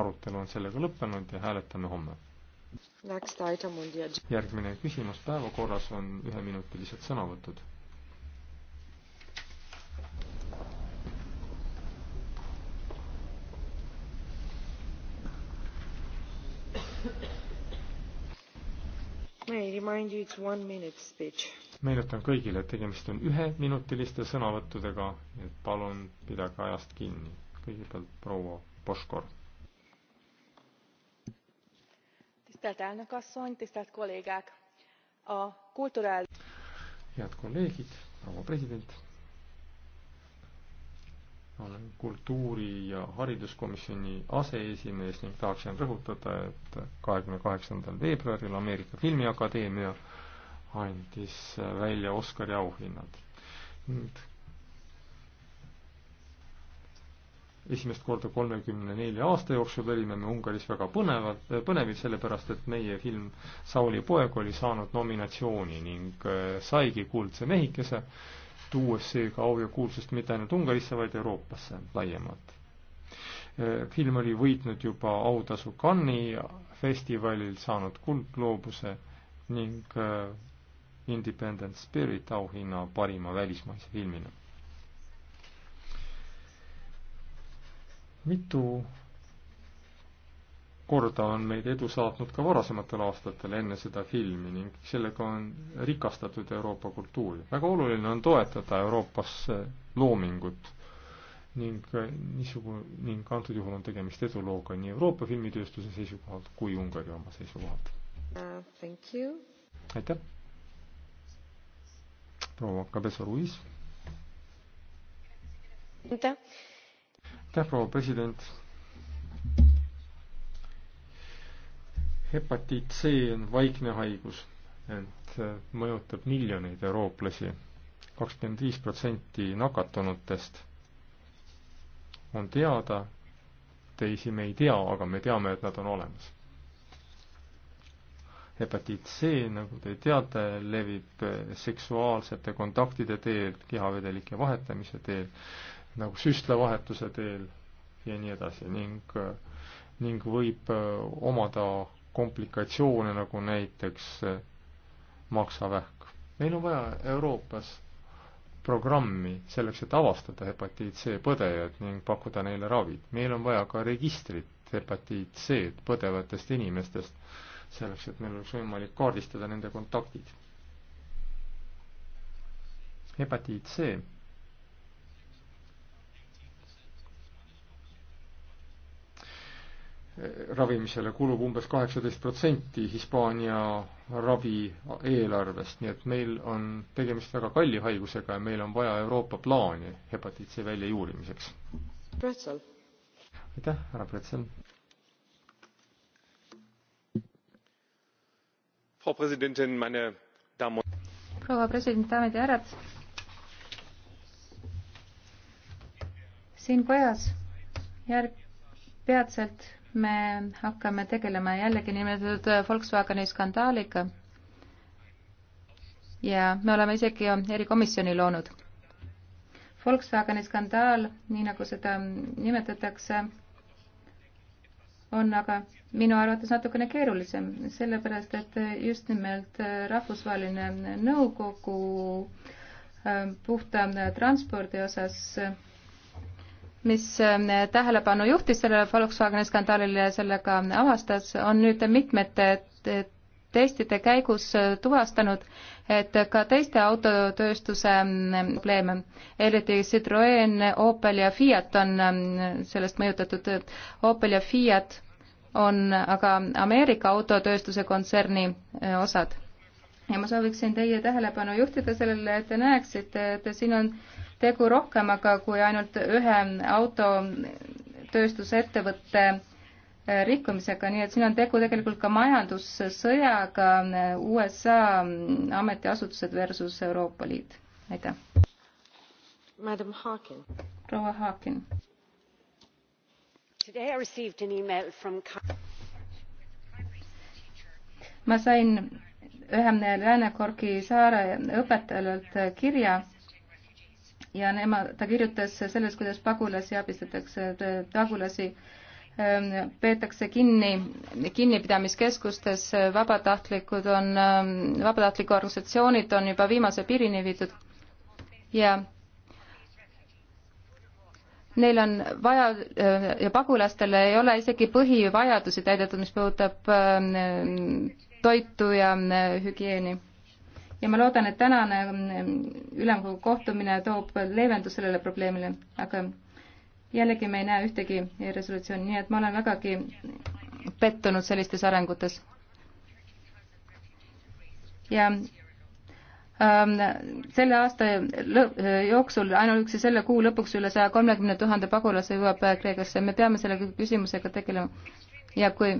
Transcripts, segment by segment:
arutelu on sellega lõppenud ja hääletame homme. järgmine küsimus päevakorras on üheminutilised sõnavõtud. meenutan kõigile, et tegemist on üheminutiliste sõnavõttudega, et palun pidage ajast kinni. kõigepealt proua Poškor tisztelt elnök asszony, tisztelt kollégák! A kulturális... Head kolleegid, proua president! olen kultuuri- ja hariduskomisjoni aseesimees ning tahaksin rõhutada, et kahekümne kaheksandal veebruaril Ameerika Filmiakadeemia andis välja Oscari auhinnad. nüüd esimest korda kolmekümne nelja aasta jooksul olime me Ungaris väga põnevad, põnevid, sellepärast et meie film Sauli poeg oli saanud nominatsiooni ning äh, saigi kuldse mehikese, tuues seega au ja kuulsust mitte ainult Ungarisse, vaid Euroopasse laiemalt. Äh, film oli võitnud juba autasu Cannes'i festivalil, saanud kuldgloobuse ning äh, Independent Spirit auhinna parima välismaise filmina mitu korda on meid edu saatnud ka varasematel aastatel enne seda filmi ning sellega on rikastatud Euroopa kultuuri. väga oluline on toetada Euroopas loomingut ning äh, niisugune, ning antud juhul on tegemist edulooga nii Euroopa filmitööstuse seisukohalt kui Ungari oma seisukohalt uh,. aitäh! proua Cabezo Ruiz aitäh, proua president. hepatiit C on vaikne haigus, ent äh, mõjutab miljoneid eurooplasi. kakskümmend viis protsenti nakatunutest on teada, teisi me ei tea, aga me teame, et nad on olemas hepatiit C, nagu te teate, levib äh, seksuaalsete kontaktide teel, kehavedelike vahetamise teel nagu süstlavahetuse teel ja nii edasi ning, ning võib äh, omada komplikatsioone, nagu näiteks äh, maksavähk. meil on vaja Euroopas programmi selleks, et avastada hepatiit C põdejad ning pakkuda neile ravi. meil on vaja ka registrit hepatiit C-d põdevatest inimestest, selleks et meil oleks võimalik kaardistada nende kontaktid. hepatiit C ravimisele kulub umbes kaheksateist protsenti Hispaania ravi eelarvest, nii et meil on tegemist väga kalli haigusega ja meil on vaja Euroopa plaani hepatiit C väljajuurimiseks. aitäh, härra Pretzel. proua president, daamid ja härrad. siin kojas järg, peatselt me hakkame tegelema jällegi nimetatud Volkswageni skandaaliga ja me oleme isegi erikomisjoni loonud. Volkswageni skandaal, nii nagu seda nimetatakse, on aga minu arvates natukene keerulisem, sellepärast et just nimelt rahvusvaheline nõukogu äh, puhta transpordi osas mis äh, tähelepanu juhtis sellele Volkswageni skandaalile ja sellega avastas, on nüüd mitmete testide käigus äh, tuvastanud, et ka teiste autotööstuse mm, probleeme, eriti Citroen, Opel ja Fiat on mm, sellest mõjutatud, Opel ja Fiat on aga Ameerika autotööstuse kontserni äh, osad. ja ma sooviksin teie tähelepanu juhtida sellele, et te näeksite, et siin on tegu rohkemaga kui ainult ühe autotööstusettevõtte äh, rikkumisega, nii et siin on tegu tegelikult ka majandussõjaga äh, USA mm, ametiasutused versus Euroopa Liit. aitäh. proua Haakin. ma sain ühe Lääne-Korgi saare õpetajalt kirja ja nemad, ta kirjutas sellest, kuidas pagulasi abistatakse, pagulasi ähm, peetakse kinni, kinnipidamiskeskustes, vabatahtlikud on, ähm, vabatahtliku organisatsioonid on juba viimase piirini viidud ja neil on vaja äh, ja pagulastel ei ole isegi põhivajadusi täidetud, mis puudutab ähm, toitu ja äh, hügieeni ja ma loodan, et tänane mm, ülemkogu kohtumine toob leevendu sellele probleemile, aga jällegi me ei näe ühtegi resolutsiooni, nii et ma olen vägagi pettunud sellistes arengutes. ja ähm, selle aasta jooksul ainuüksi selle kuu lõpuks üle saja kolmekümne tuhande pagulase jõuab äh, Kreekasse, me peame selle küsimusega tegelema. ja kui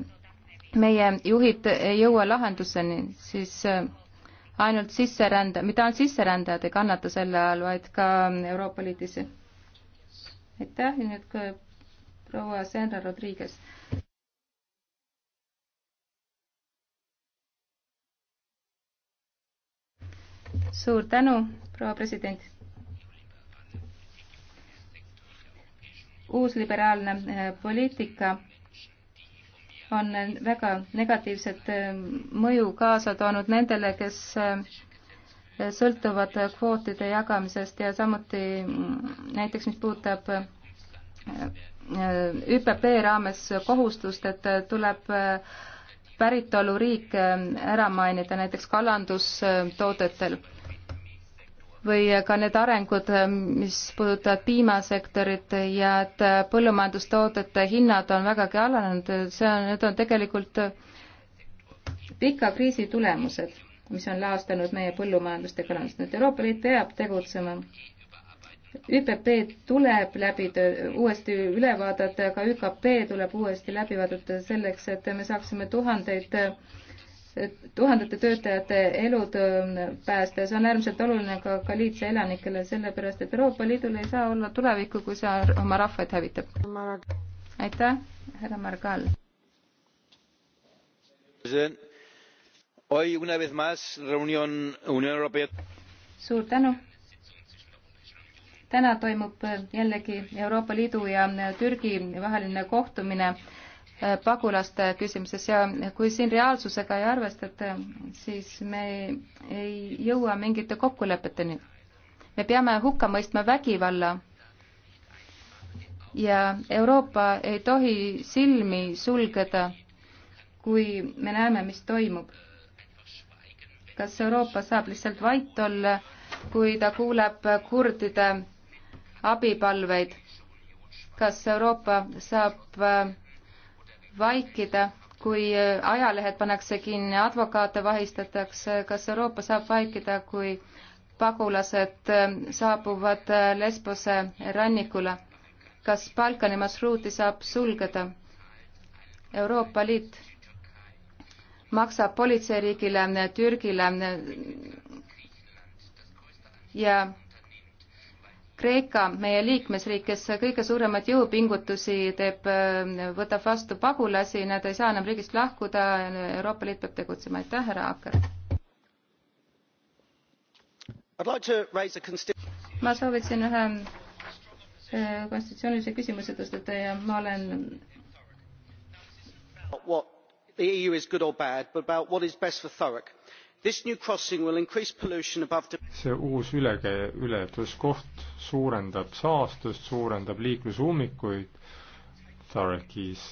meie juhid ei jõua lahenduseni, siis äh, ainult sisserände, mitte ainult sisserändajad ei kannata selle all, vaid ka Euroopa Liidus. aitäh ja nüüd ka proua Senra Rodriguez. suur tänu, proua president. uusliberaalne eh, poliitika on väga negatiivset äh, mõju kaasa toonud nendele, kes äh, sõltuvad kvootide jagamisest ja samuti mm, näiteks, mis puudutab äh, ÜPP raames kohustust, et tuleb päritoluriik ära mainida näiteks kalandustoodetel või ka need arengud, mis puudutavad piimasektorit ja et põllumajandustoodete hinnad on vägagi alanenud, see on, need on tegelikult pika kriisi tulemused, mis on laastanud meie põllumajandust ja kalandust. nüüd Euroopa Liit peab tegutsema. ÜPP tuleb läbi, uuesti üle vaadata, aga ÜKP tuleb uuesti läbi vaadata selleks, et me saaksime tuhandeid tuhandete töötajate elud ähm, päästa ja see on äärmiselt oluline ka Galiitsia elanikele, sellepärast et Euroopa Liidul ei saa olla tulevikku, kui see oma rahvaid hävitab. aitäh, härra Margal. suur tänu. täna toimub jällegi Euroopa Liidu ja Türgi vaheline kohtumine Äh, pagulaste küsimuses ja kui siin reaalsusega ei arvestata, siis me ei jõua mingite kokkulepeteni. me peame hukka mõistma vägivalla ja Euroopa ei tohi silmi sulgeda, kui me näeme, mis toimub. kas Euroopa saab lihtsalt vait olla, kui ta kuuleb kurdide abipalveid? kas Euroopa saab äh, vaikida, kui ajalehed pannakse kinni, advokaate vahistatakse, kas Euroopa saab vaikida, kui pagulased äh, saabuvad äh, Lesbose rannikule? kas Balkani marsruuti saab sulgeda? Euroopa Liit maksab politseiriigile äh, Türgile ja Kreeka, meie liikmesriik, kes kõige suuremaid jõupingutusi teeb, võtab vastu pagulasi, nad ei saa enam riigist lahkuda, Euroopa Liit peab tegutsema, aitäh, härra Aker. ma sooviksin ühe eh, konstitutsioonilise küsimuse tõstata ja ma olen the eu is good or bad but about what is best for thorough see uus ülekäi-, ületuskoht suurendab saastust, suurendab liiklusummikuid Tarekis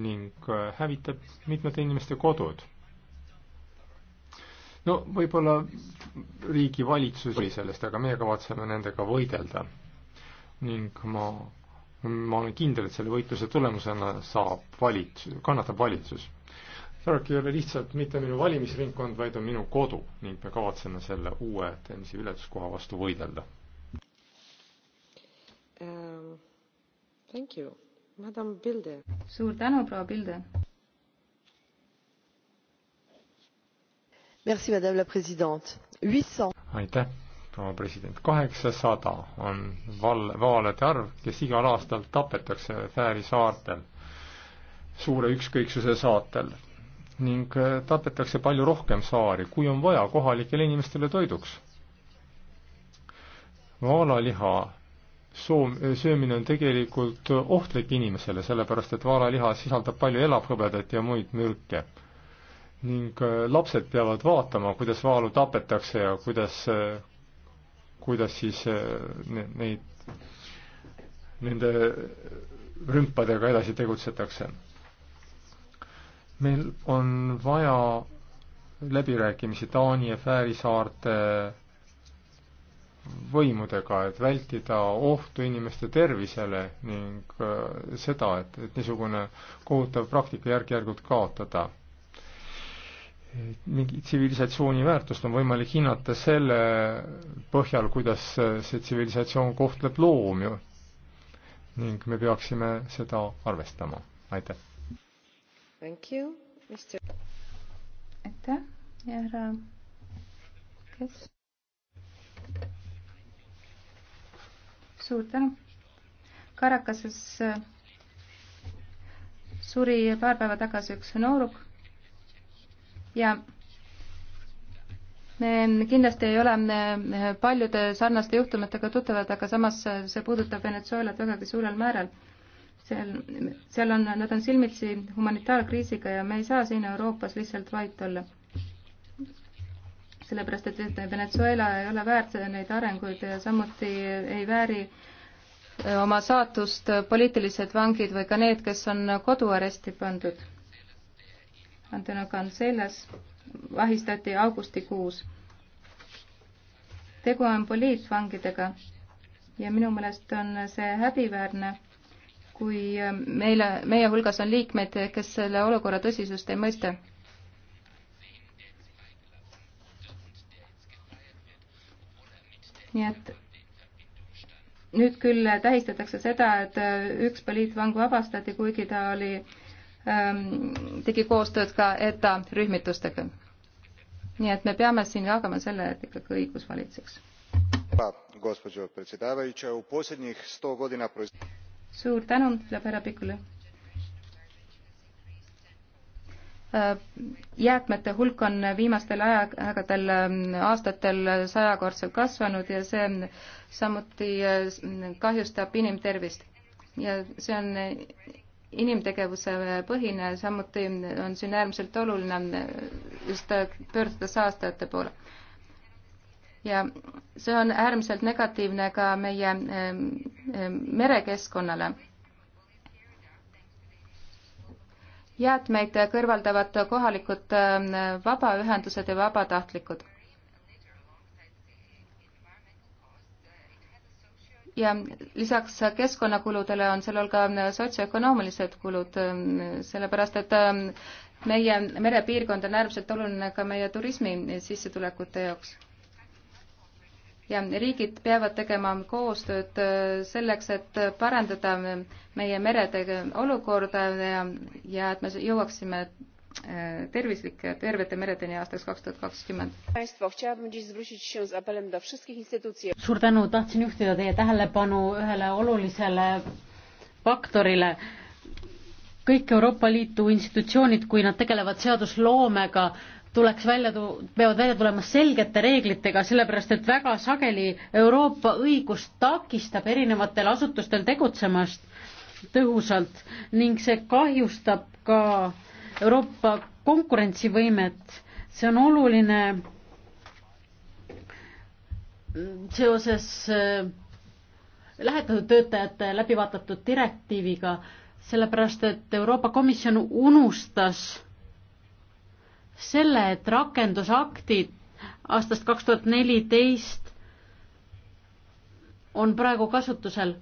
ning äh, hävitab mitmete inimeste kodud. no võib-olla riigi valitsus oli sellest, aga meie kavatseme nendega võidelda. ning ma, ma olen kindel, et selle võitluse tulemusena saab valitsus, kannatab valitsus Sarak ei ole lihtsalt mitte minu valimisringkond, vaid on minu kodu ning me kavatseme selle uue TEMS-i ületuskoha vastu võidelda um,. Thank you, madam Pilde. suur tänu, proua Pilde. Merci, madame la president. aitäh, proua president. kaheksasada on val-, vaalade arv, kes igal aastal tapetakse Fääri saartel suure ükskõiksuse saatel ning äh, tapetakse palju rohkem saari, kui on vaja kohalikele inimestele toiduks. vaalaliha soom-, söömine on tegelikult ohtlik inimesele, sellepärast et vaalaliha sisaldab palju elavhõbedat ja muid mürke. ning äh, lapsed peavad vaatama, kuidas vaalu tapetakse ja kuidas, äh, kuidas siis neid, nende rümpadega edasi tegutsetakse meil on vaja läbirääkimisi Taani ja Fääri saarte võimudega, et vältida ohtu inimeste tervisele ning äh, seda, et, et niisugune kohutav praktika järk-järgult kaotada. mingi tsivilisatsiooni väärtust on võimalik hinnata selle põhjal, kuidas see tsivilisatsioon kohtleb loomi ning me peaksime seda arvestama, aitäh! aitäh ja härra, kes? suur tänu. Karakases äh, suri paar päeva tagasi üks nooruk ja me kindlasti ei ole äh, paljude sarnaste juhtumitega tuttavad, aga samas äh, see puudutab Venezuelat vägagi suurel määral seal, seal on, nad on silmitsi humanitaarkriisiga ja me ei saa siin Euroopas lihtsalt vait olla. sellepärast, et Venezuela ei ole väärt neid arenguid ja samuti ei vääri eh, oma saatust poliitilised vangid või ka need, kes on koduaresti pandud. Antonio Cancelas vahistati augustikuus. tegu on poliitvangidega ja minu meelest on see häbiväärne kui äh, meile, meie hulgas on liikmeid, kes selle olukorra tõsisust ei mõista. nii et nüüd küll tähistatakse seda, et äh, üks poliitvang vabastati, kuigi ta oli, ähm, tegi koostööd ka ETA rühmitustega. nii et me peame siin jagama selle, et ikkagi õigus valitseks. gospođo predsjedavajuća u posljednjih sto godina suur tänu, ütleb härra Pikule. Äh, jäätmete hulk on viimastel aegadel, ähm, aastatel sajakordselt kasvanud ja see samuti äh, kahjustab inimtervist. ja see on äh, inimtegevuse põhine, samuti on siin äärmiselt oluline just pöörduda saastajate poole ja see on äärmiselt negatiivne ka meie merekeskkonnale. jäätmeid kõrvaldavad kohalikud vabaühendused ja vabatahtlikud. ja lisaks keskkonnakuludele on sellel ka sotsioökonoomilised kulud, sellepärast et meie merepiirkond on äärmiselt oluline ka meie turismi sissetulekute jaoks ja riigid peavad tegema koostööd äh, selleks, et parandada meie merede olukorda ja, ja et me jõuaksime äh, tervislike tervete meredeni aastaks 2020. suur tänu, tahtsin juhtida teie tähelepanu ühele olulisele faktorile. kõik Euroopa Liidu institutsioonid, kui nad tegelevad seadusloomega, tuleks välja tu-, peavad välja tulema selgete reeglitega, sellepärast et väga sageli Euroopa õigus takistab erinevatel asutustel tegutsemast tõhusalt ning see kahjustab ka Euroopa konkurentsivõimet. see on oluline seoses äh, lähetatud töötajate läbivaatatud direktiiviga, sellepärast et Euroopa Komisjon unustas selle, et rakendusaktid aastast kaks tuhat neliteist on praegu kasutusel.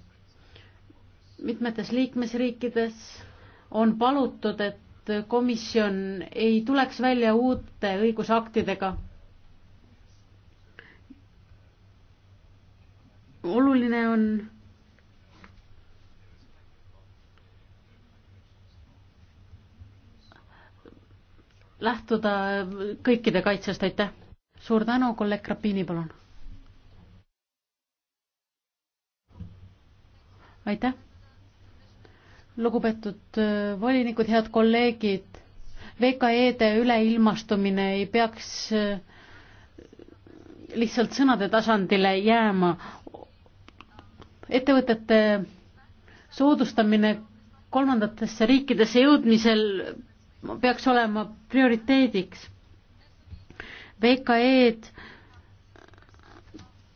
mitmetes liikmesriikides on palutud, et komisjon ei tuleks välja uute õigusaktidega. oluline on lähtuda kõikide kaitsest, aitäh. suur tänu, kolleeg Krapini, palun. aitäh. lugupeetud äh, volinikud, head kolleegid. VKE-de üleilmastumine ei peaks äh, lihtsalt sõnade tasandile jääma. ettevõtete soodustamine kolmandatesse riikidesse jõudmisel peaks olema prioriteediks. VKE-d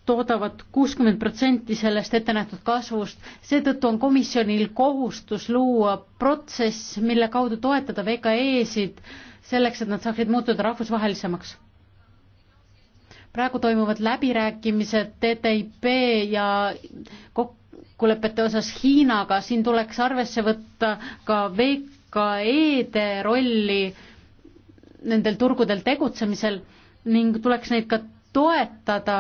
toodavad kuuskümmend protsenti sellest ettenähtud kasvust, seetõttu on komisjonil kohustus luua protsess, mille kaudu toetada VKE-sid selleks, et nad saaksid muutuda rahvusvahelisemaks. praegu toimuvad läbirääkimised TTIP ja kokkulepete osas Hiinaga, siin tuleks arvesse võtta ka VK-, VKE-de rolli nendel turgudel tegutsemisel ning tuleks neid ka toetada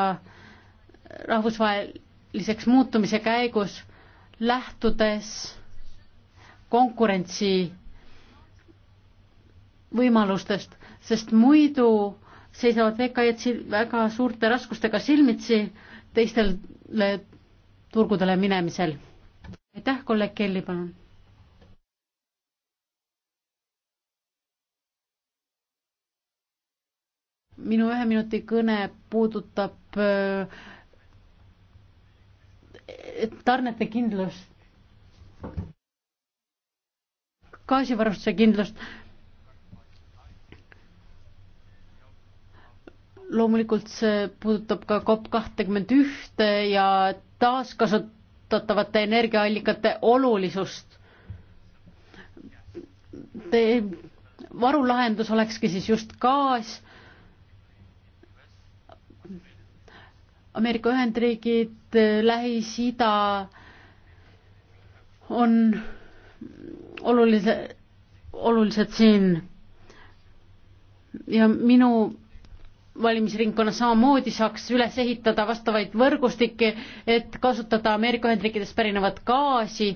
rahvusvaheliseks muutumise käigus, lähtudes konkurentsi võimalustest, sest muidu seisavad VKE-d väga suurte raskustega silmitsi teistele turgudele minemisel. aitäh, kolleeg Kelly, palun minu ühe minuti kõne puudutab äh, tarnete kindlust, gaasivarustuse kindlust. loomulikult see puudutab ka COP kahtekümmend ühte ja taaskasutatavate energiaallikate olulisust. Te varulahendus olekski siis just gaas Ameerika Ühendriigid, Lähis-Ida on olulise, olulised siin. ja minu valimisringkonnas samamoodi saaks üles ehitada vastavaid võrgustikke, et kasutada Ameerika Ühendriikidest pärinevat gaasi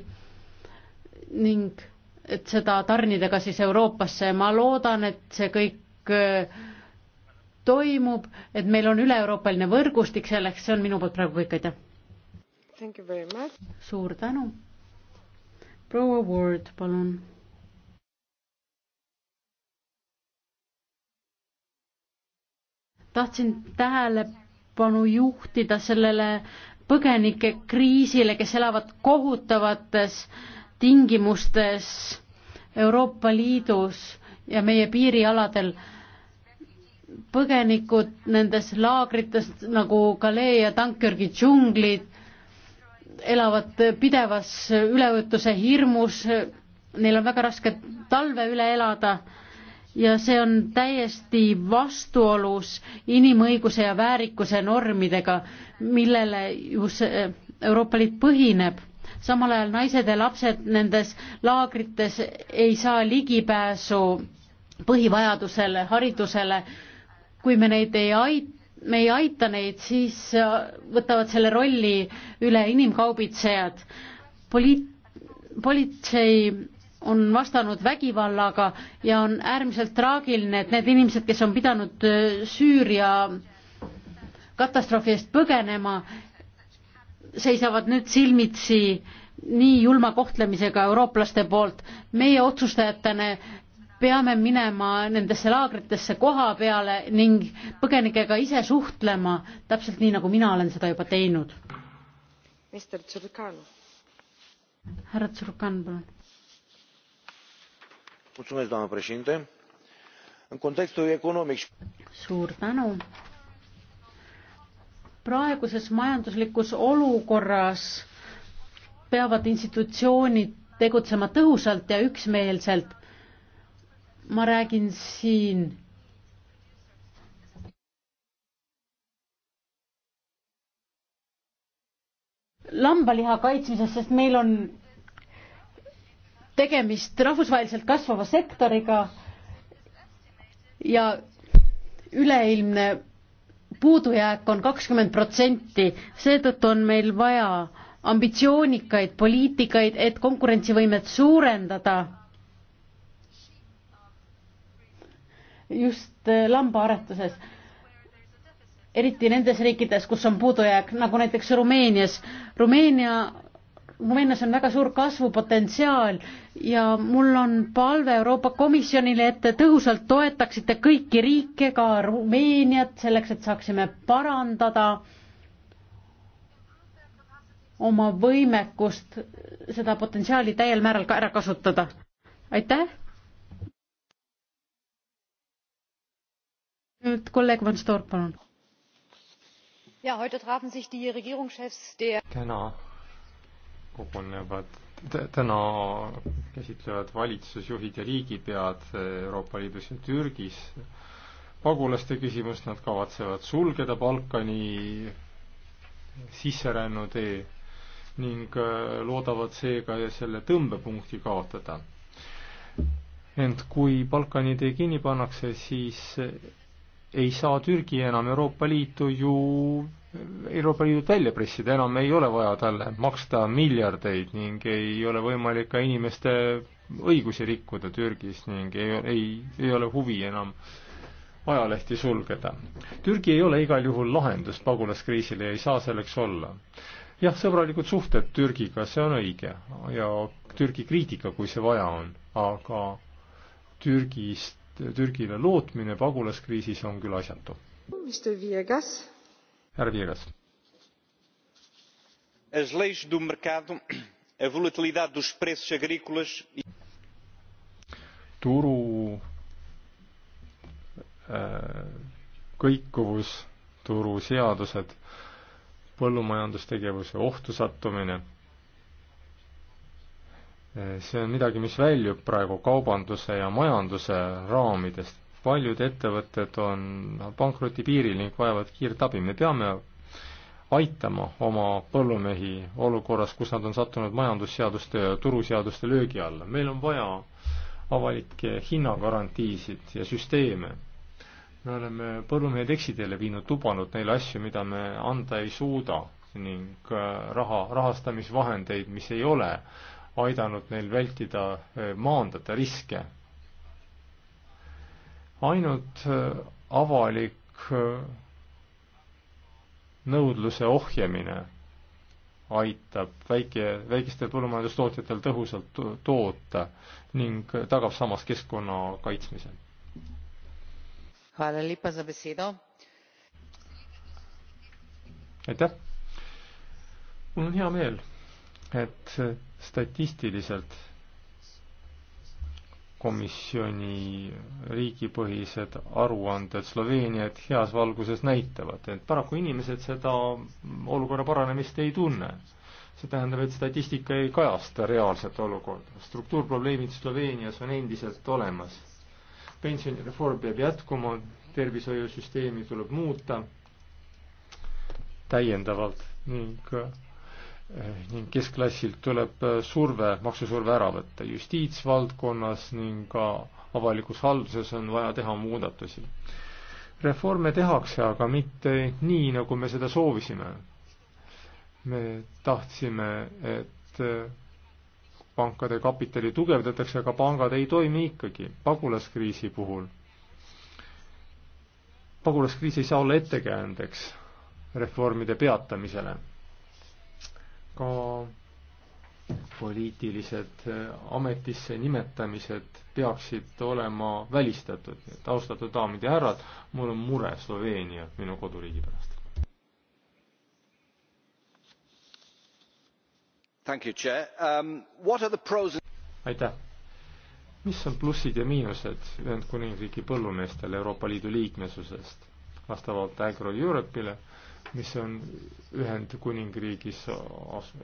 ning et seda tarnida ka siis Euroopasse. ma loodan, et see kõik toimub, et meil on üle-euroopaline võrgustik selleks, see on minu poolt praegu kõik, aitäh. suur tänu. proua Ward, palun. tahtsin tähelepanu juhtida sellele põgenike kriisile, kes elavad kohutavates tingimustes Euroopa Liidus ja meie piirialadel põgenikud nendes laagrites nagu Calais ja Dunkirki džunglid elavad pidevas ülevõtuse hirmus, neil on väga raske talve üle elada ja see on täiesti vastuolus inimõiguse ja väärikuse normidega, millele ju see Euroopa Liit põhineb samal ajal naised ja lapsed nendes laagrites ei saa ligipääsu põhivajadusele, haridusele kui me neid ei aita, me ei aita neid, siis äh, võtavad selle rolli üle inimkaubitsejad. poliit-, politsei on vastanud vägivallaga ja on äärmiselt traagiline, et need inimesed, kes on pidanud äh, Süüria katastroofi eest põgenema, seisavad nüüd silmitsi nii julma kohtlemisega eurooplaste poolt. meie otsustajatena peame minema nendesse laagritesse koha peale ning põgenikega ise suhtlema, täpselt nii, nagu mina olen seda juba teinud. härra Tsurkan, palun. doamnă președinte în contextul economic suur tänu praeguses majanduslikus olukorras peavad institutsioonid tegutsema tõhusalt ja üksmeelselt ma räägin siin lambaliha kaitsmisest, sest meil on tegemist rahvusvaheliselt kasvava sektoriga ja üleilmne puudujääk on kakskümmend protsenti, seetõttu on meil vaja ambitsioonikaid poliitikaid, et konkurentsivõimet suurendada just eh, lambaaretuses. eriti nendes riikides, kus on puudujääk, nagu näiteks Rumeenias. Rumeenia, Rumeenias on väga suur kasvupotentsiaal ja mul on palve Euroopa Komisjonile, et te tõhusalt toetaksite kõiki riike, ka Rumeeniat, selleks et saaksime parandada oma võimekust seda potentsiaali täiel määral ka ära kasutada. aitäh! nüüd kolleeg Van Stork, palun. täna kogunevad, täna käsitlevad valitsusjuhid ja riigipead Euroopa Liidus ja Türgis pagulaste küsimust, nad kavatsevad sulgeda Balkani sisserännutee ning äh, loodavad seega selle tõmbepunkti kaotada. ent kui Balkani tee kinni pannakse, siis ei saa Türgi enam Euroopa Liitu ju, Euroopa Liidut välja pressida, enam ei ole vaja talle maksta miljardeid ning ei ole võimalik ka inimeste õigusi rikkuda Türgis ning ei, ei, ei ole huvi enam ajalehti sulgeda. Türgi ei ole igal juhul lahendus pagulaskriisile ja ei saa selleks olla. jah, sõbralikud suhted Türgiga, see on õige ja Türgi kriitika, kui see vaja on, aga Türgist Türgile lootmine pagulaskriisis on küll asjatu. härra Viegas. As leis do mercado, a volatilidade dos preços agrícolas e turu äh, kõikuvus, turuseadused, põllumajandustegevuse ohtu sattumine see on midagi, mis väljub praegu kaubanduse ja majanduse raamidest. paljud ettevõtted on pankroti piiril ning vajavad kiirt abi. me peame aitama oma põllumehi olukorras, kus nad on sattunud majandusseaduste ja turuseaduste löögi alla. meil on vaja avalikke hinnagarantiisid ja süsteeme. me oleme põllumehed eksiteele viinud, lubanud neile asju, mida me anda ei suuda ning äh, raha, rahastamisvahendeid, mis ei ole äh, aidanud neil vältida, eh, maandada riske. ainult eh, avalik eh, nõudluse ohjamine aitab väike, väikestel põllumajandustootjatel tõhusalt toota ning tagab samas keskkonna kaitsmise. aitäh! mul on hea meel et statistiliselt komisjoni riigipõhised aruanded Sloveeniat heas valguses näitavad, et paraku inimesed seda olukorra paranemist ei tunne. see tähendab, et statistika ei kajasta reaalset olukorda. struktuurprobleemid Sloveenias on endiselt olemas. pensionireform peab jätkuma, tervishoiusüsteemi tuleb muuta täiendavalt ning ning keskklassilt tuleb äh, surve, maksusurve ära võtta. justiitsvaldkonnas ning ka avalikus halduses on vaja teha muudatusi. reforme tehakse, aga mitte nii, nagu me seda soovisime. me tahtsime, et äh, pankade kapitali tugevdatakse, aga pangad ei toimi ikkagi, pagulaskriisi puhul. pagulaskriis ei saa olla ettekäändeks reformide peatamisele ka poliitilised äh, ametisse nimetamised peaksid olema välistatud. nii et austatud daamid ja härrad, mul on mure Sloveenia, minu koduriigi pärast. Um, aitäh. mis on plussid ja miinused Ühendkuningriigi põllumeestel Euroopa Liidu liikmesusest vastavalt Agro Europe'ile? mis on Ühendkuningriigis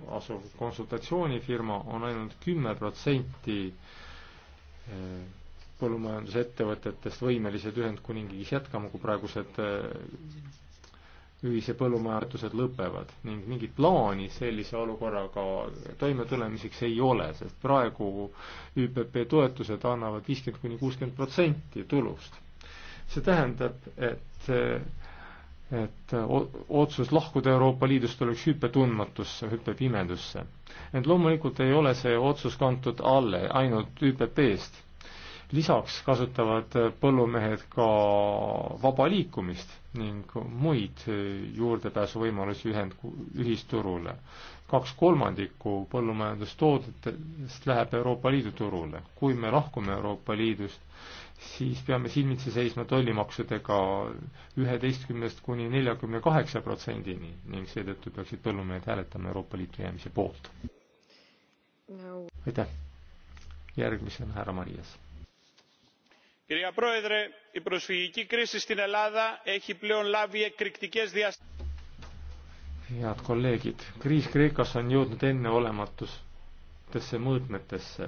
asuv konsultatsioonifirma, on ainult kümme protsenti eh, põllumajandusettevõtetest võimelised Ühendkuningriigis jätkama, kui praegused eh, ühise põllumajandused lõpevad ning mingit plaani sellise olukorraga toimetulemiseks ei ole, sest praegu ÜPP toetused annavad viiskümmend kuni kuuskümmend protsenti tulust. see tähendab, et eh, et otsus lahkuda Euroopa Liidust oleks hüpe tundmatusse, hüpe pimedusse. ent loomulikult ei ole see otsus kantud alle ainult ÜPP-st. lisaks kasutavad põllumehed ka vaba liikumist ning muid juurdepääsuvõimalusi ühend, ühisturule. kaks kolmandikku põllumajandustoodetest läheb Euroopa Liidu turule. kui me lahkume Euroopa Liidust, siis peame silmitsi seisma tollimaksudega üheteistkümnest kuni neljakümne kaheksa protsendini ning seetõttu peaksid põllumehed hääletama Euroopa Liitu jäämise poolt no.. aitäh. järgmisena härra Marias. Κυρία Πρόεδρε, η προσφυγική κρίση στην Ελλάδα έχει πλέον λάβει εκρηκτικές διαστάσεις. Head kolleegid, kriis Kreekas on jõudnud enneolematustesse mõõtmetesse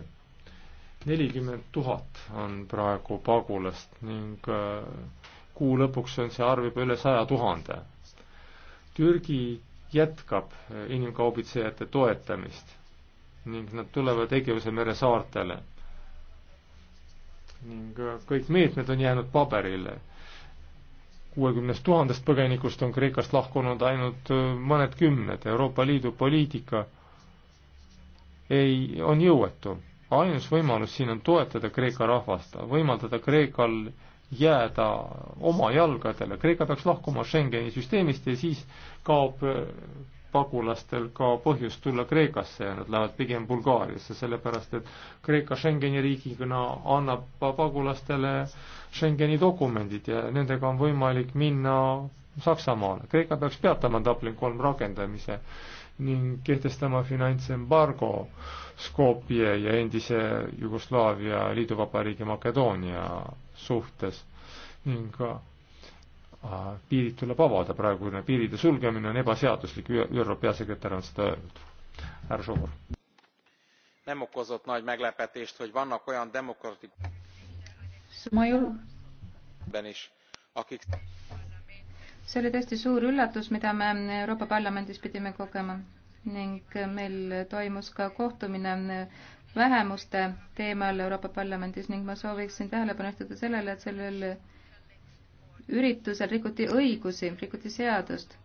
nelikümmend tuhat on praegu pagulast ning äh, kuu lõpuks on see arv juba üle saja tuhande. Türgi jätkab äh, inimkaubitsejate toetamist ning nad tulevad Egeuse mere saartele. ning äh, kõik meetmed on jäänud paberile. kuuekümnest tuhandest põgenikust on Kreekast lahkunud ainult mõned kümned, Euroopa Liidu poliitika ei, on jõuetu ainus võimalus siin on toetada Kreeka rahvast, võimaldada Kreekal jääda oma jalgadele, Kreeka peaks lahkuma Schengeni süsteemist ja siis kaob äh, pagulastel ka põhjust tulla Kreekasse ja nad lähevad pigem Bulgaariasse, sellepärast et Kreeka Schengeni riigina annab pagulastele Schengeni dokumendid ja nendega on võimalik minna Saksamaale. Kreeka peaks peatama Dublin kolm rakendamise äh, ning kehtestama finantsembargo Skopje ja endise Jugoslaavia liiduvabariigi Makedoonia suhtes ning äh, piirid tuleb avada, praegune piiride sulgemine on ebaseaduslik, ÜRO peasekretär on seda öelnud. härra Sohor. Nem okozott nagy meglepetést, hogy vannak olyan demokratikus ma ei ole. akik see oli tõesti suur üllatus, mida me Euroopa Parlamendis pidime kogema ning meil toimus ka kohtumine vähemuste teemal Euroopa Parlamendis ning ma sooviksin tähelepanu juhtida sellele, et sellel üritusel rikuti õigusi, rikuti seadust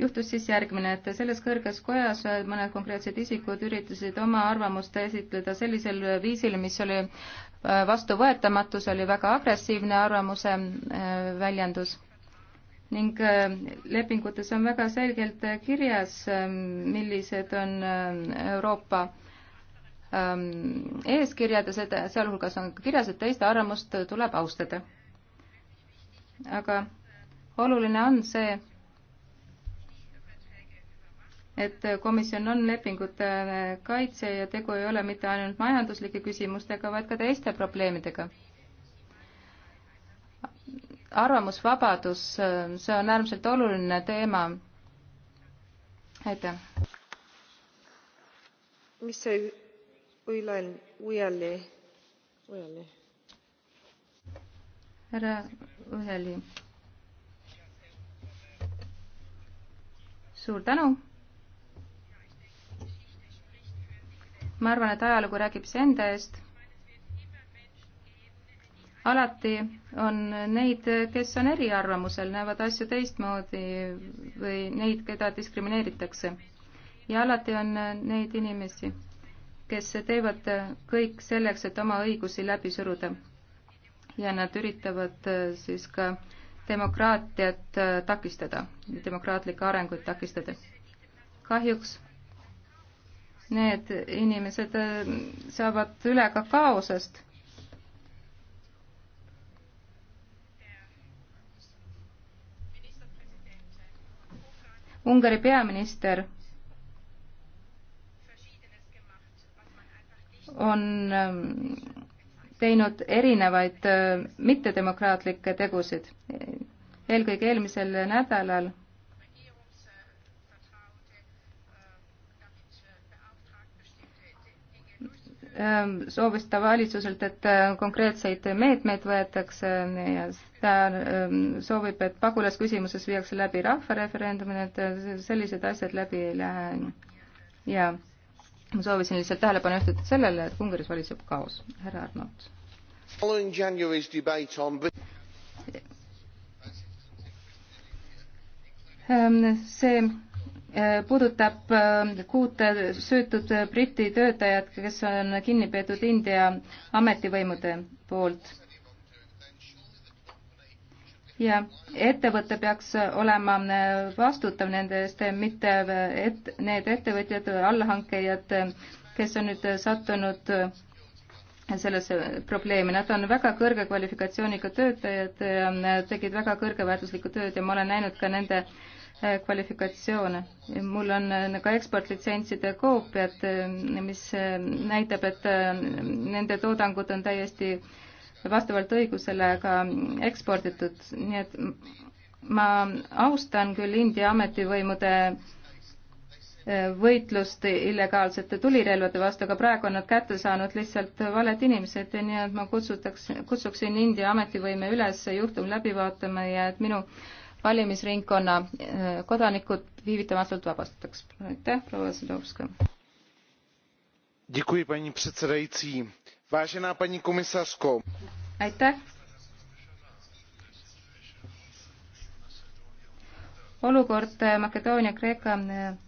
juhtus siis järgmine, et selles kõrges kojas mõned konkreetsed isikud üritasid oma arvamust esitleda sellisel viisil, mis oli äh, vastuvõetamatu, see oli väga agressiivne arvamuse äh, väljendus. ning äh, lepingutes on väga selgelt kirjas, millised on Euroopa ähm, eeskirjad ja seda, sealhulgas on kirjas, et teiste arvamust tuleb austada. aga oluline on see, et komisjon on lepingute kaitse ja tegu ei ole mitte ainult majanduslike küsimustega, vaid ka teiste probleemidega. arvamusvabadus, see on äärmiselt oluline teema. aitäh. mis see Uilal Ujali, Ujali? härra Ujali. suur tänu ma arvan, et ajalugu räägib see enda eest. alati on neid, kes on eriarvamusel, näevad asju teistmoodi või neid, keda diskrimineeritakse. ja alati on neid inimesi, kes teevad kõik selleks, et oma õigusi läbi suruda. ja nad üritavad äh, siis ka demokraatiat äh, takistada, demokraatlikke arenguid takistada. kahjuks need inimesed äh, saavad üle ka kaosest. Ungari peaminister on ähm, teinud erinevaid äh, mittedemokraatlikke tegusid. eelkõige eelmisel nädalal Ähm, soovis ta valitsuselt, et äh, konkreetseid meetmeid võetakse äh, ja ta ähm, soovib, et pagulasküsimuses viiakse läbi rahvareferendumine, et äh, sellised asjad läbi ei lähe. ja ma soovisin lihtsalt tähelepanu juhtida sellele, et Ungaris valitseb kaos. härra Arnold. Ähm, see puudutab äh, kuut söötud Briti töötajat, kes on kinni peetud India ametivõimude poolt. ja ettevõte peaks olema äh, vastutav nende eest, mitte äh, et, need ettevõtjad, allhankijad, kes on nüüd sattunud sellesse probleemi, nad on väga kõrge kvalifikatsiooniga töötajad, tegid väga kõrgeväärtuslikku tööd ja ma olen näinud ka nende äh, Äh, kvalifikatsioone. mul on äh, ka eksportlitsentside koopiad, äh, mis näitab, et nende toodangud on täiesti vastavalt õigusele ka eksporditud, nii et ma austan küll India ametivõimude võitlust illegaalsete tulirelvade vastu, aga praegu on nad kätte saanud lihtsalt valed inimesed, nii et ma kutsutaks, kutsuksin India ametivõime üles juhtum läbi vaatama ja et minu äh, valimisringkonna äh, kodanikud viivitamatult vabastataks. aitäh, proua Zidovska. aitäh. olukord äh, Makedoonia-Kreeka äh,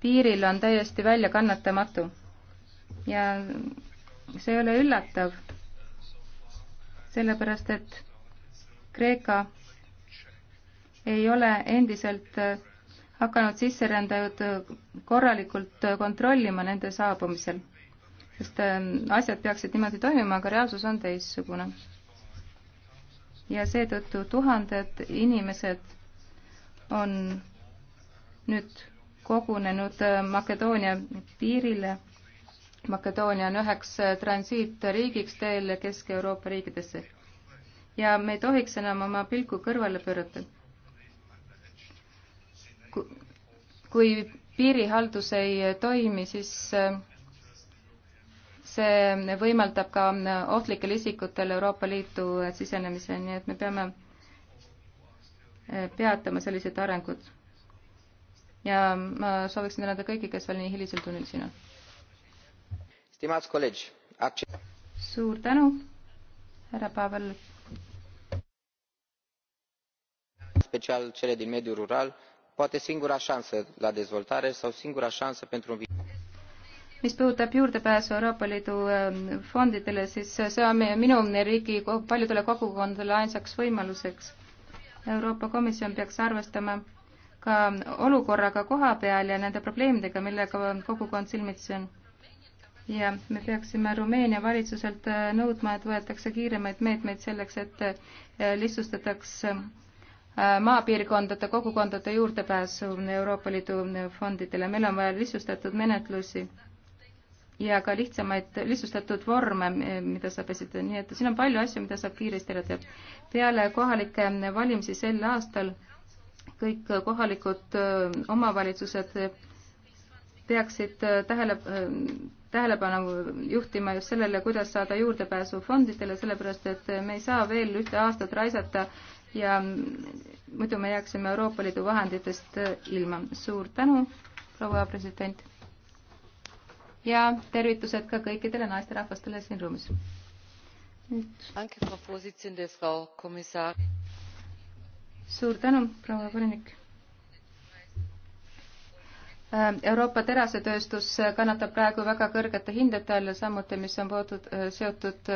piiril on täiesti väljakannatamatu ja see ei ole üllatav, sellepärast et Kreeka ei ole endiselt äh, hakanud sisserändajad äh, korralikult äh, kontrollima nende saabumisel, sest asjad peaksid niimoodi toimima, aga reaalsus on teistsugune. ja seetõttu tuhanded inimesed on nüüd kogunenud Makedoonia piirile. Makedoonia on üheks transiitriigiks teel Kesk-Euroopa riikidesse ja me ei tohiks enam oma pilku kõrvale pöörata kui piirihaldus ei toimi, siis äh, see võimaldab ka äh, ohtlikel isikutel Euroopa Liitu äh, sisenemise, nii et me peame peatama sellised arengud. ja ma sooviksin tänada kõiki, kes veel nii hilisel tunnil siin on. suur tänu, härra Pavel. spetsial selle din mediul rural poate singura șansă la dezvoltare sau singura șansă pentru un viitor mis puudutab juurdepääsu Euroopa Liidu ähm, fondidele, siis see on meie, minu riigi paljudele kogukondadele ainsaks võimaluseks. Euroopa Komisjon peaks arvestama ka olukorraga koha peal ja nende probleemidega, millega kogukond silmitsi on. ja me peaksime Rumeenia valitsuselt äh, nõudma, et võetakse kiiremaid meetmeid selleks, et äh, lihtsustataks Äh, maapiirkondade, kogukondade juurdepääsu Euroopa Liidu fondidele, meil on vaja lihtsustatud menetlusi ja ka lihtsamaid, lihtsustatud vorme, mida saab esitada, nii et siin on palju asju, mida saab kiiresti ära teha. peale kohalikke valimisi sel aastal kõik kohalikud äh, omavalitsused peaksid äh, tähele, tähelepanu juhtima just sellele, kuidas saada juurdepääsu fondidele, sellepärast et me ei saa veel ühte aastat raisata ja muidu me jääksime Euroopa Liidu vahenditest ilma. suur tänu, proua president! ja tervitused ka kõikidele naisterahvastele siin ruumis. suur tänu, proua volinik! Äh, Euroopa terasetööstus äh, kannatab praegu väga kõrgete hindade all ja samuti, mis on poodud, äh, seotud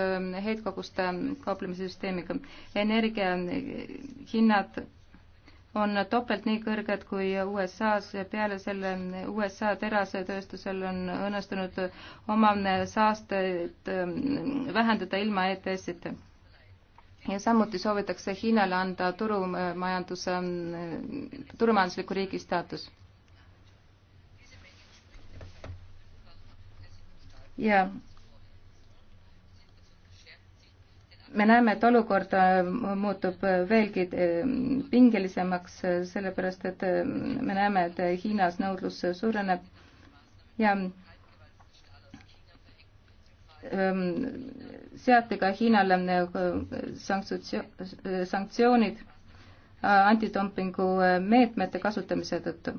heitkoguste kauplemise süsteemiga. energiahinnad on topelt nii kõrged kui USA-s ja peale selle USA terasetööstusel on õnnestunud oma saasteid vähendada ilma ETS-ita. ja samuti soovitakse Hiinale anda turumajanduse, turumajandusliku riigi staatus ja me näeme, et olukord äh, muutub äh, veelgi äh, pingelisemaks, sellepärast et me näeme, et Hiinas nõudlus suureneb ja ähm, seati ka Hiinale sanktsioonid antidumpingu meetmete kasutamise tõttu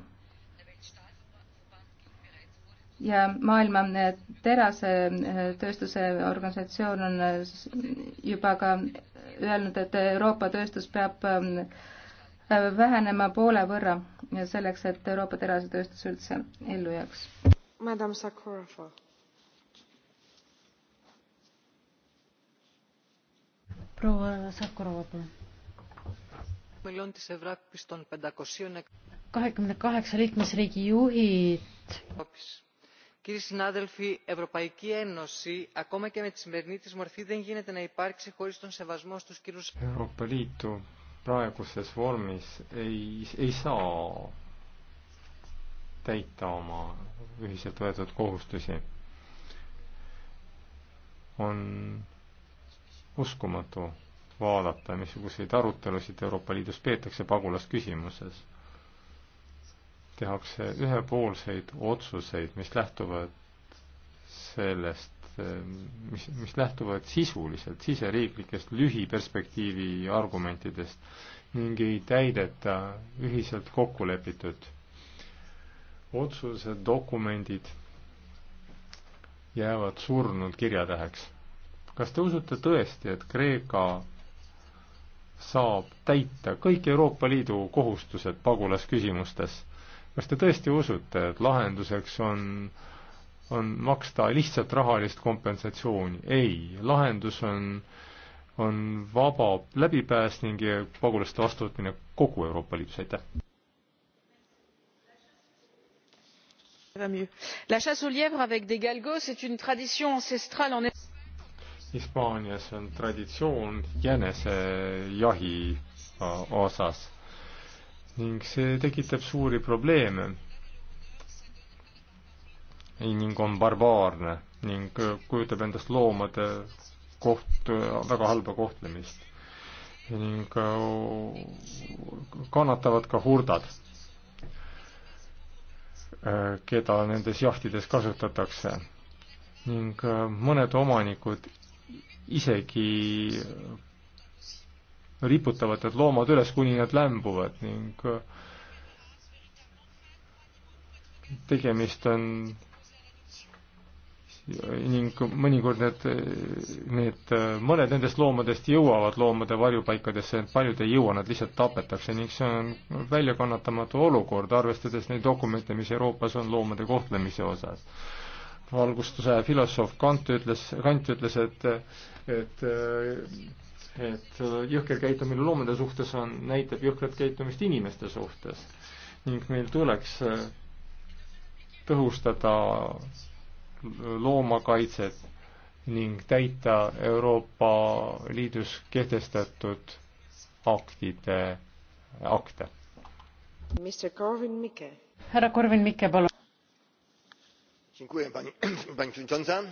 ja Maailma eh, Terasetööstuse eh, Organisatsioon on eh, juba ka öelnud, et Euroopa tööstus peab vähenema poole võrra selleks, et Euroopa terasetööstus üldse ellu jääks. Madam Sakurova. proua Sakurova, palun. kahekümne kaheksa liikmesriigi juhid κύριοι συνάδελφοι ευρωπαϊκή ένωση ακόμα και με τη σημερινή της μορφή δεν γίνεται να υπάρξει χωρίς τον σεβασμό στους κύριους Euroopa Liitu praeguses vormis ei, ei saa täita oma ühiselt võetud kohustusi on uskumatu vaadata missuguseid arutelusid Euroopa Liidus peetakse pagulasküsimuses tehakse ühepoolseid otsuseid, mis lähtuvad sellest, mis, mis lähtuvad sisuliselt siseriiklikest lühiperspektiivi argumentidest ning ei täideta ühiselt kokku lepitud otsused, dokumendid jäävad surnud kirjatäheks. kas te usute tõesti, et Kreeka saab täita kõik Euroopa Liidu kohustused pagulasküsimustes kas te tõesti usute, et lahenduseks on, on maksta lihtsalt rahalist kompensatsiooni? ei, lahendus on, on vaba läbipääs ning pagulaste vastuvõtmine kogu Euroopa Liidus, aitäh! La chasse aux lièvres avec des galgos est une tradition ancestrale en Hispaanias on traditsioon jänesejahi äh, osas ning see tekitab suuri probleeme ning on barbaarne ning äh, kujutab endast loomade koht, äh, väga halba kohtlemist. ning äh, kannatavad ka hurdad, keda nendes jahtides kasutatakse. ning mõned omanikud isegi riputavad need loomad üles, kuni nad lämbuvad ning äh, tegemist on ning mõnikord need, need, äh, mõned nendest loomadest jõuavad loomade varjupaikadesse, paljud ei jõua, nad lihtsalt tapetakse ning see on väljakannatamatu olukord, arvestades neid dokumente, mis Euroopas on loomade kohtlemise osas valgustuse filosoof Kant ütles, Kant ütles, et, et äh, et äh, jõhker käitumine loomade suhtes on, näitab jõhkrat käitumist inimeste suhtes ning meil tuleks äh, tõhustada äh, loomakaitset ning täita Euroopa Liidus kehtestatud aktide, akte. härra Korvin-Mikke, palun.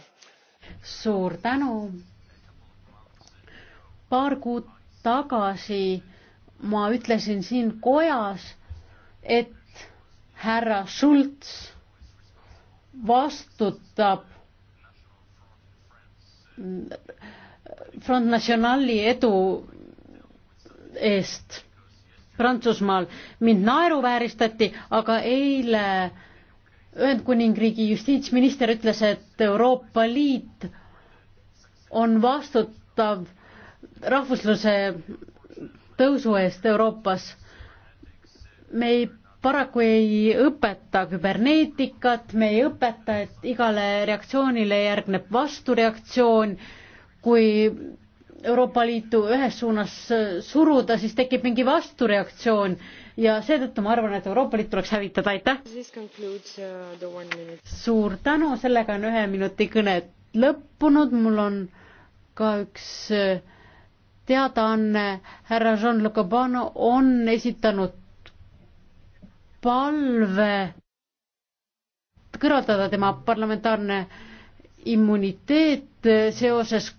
suur tänu paar kuud tagasi ma ütlesin siin kojas, et härra Schultz vastutab Front Nationali edu eest Prantsusmaal. mind naeruvääristati, aga eile Ühendkuningriigi justiitsminister ütles, et Euroopa Liit on vastutav rahvusluse tõusu eest Euroopas. me ei, paraku ei õpeta küberneetikat, me ei õpeta, et igale reaktsioonile järgneb vastureaktsioon, kui Euroopa Liitu ühes suunas suruda, siis tekib mingi vastureaktsioon ja seetõttu ma arvan, et Euroopa Liit tuleks hävitada, aitäh! Uh, suur tänu, sellega on ühe minuti kõne lõppunud, mul on ka üks äh, teadaanne härra Jean Le Caban on esitanud palve kõrvaldada tema parlamentaarne immuniteet seoses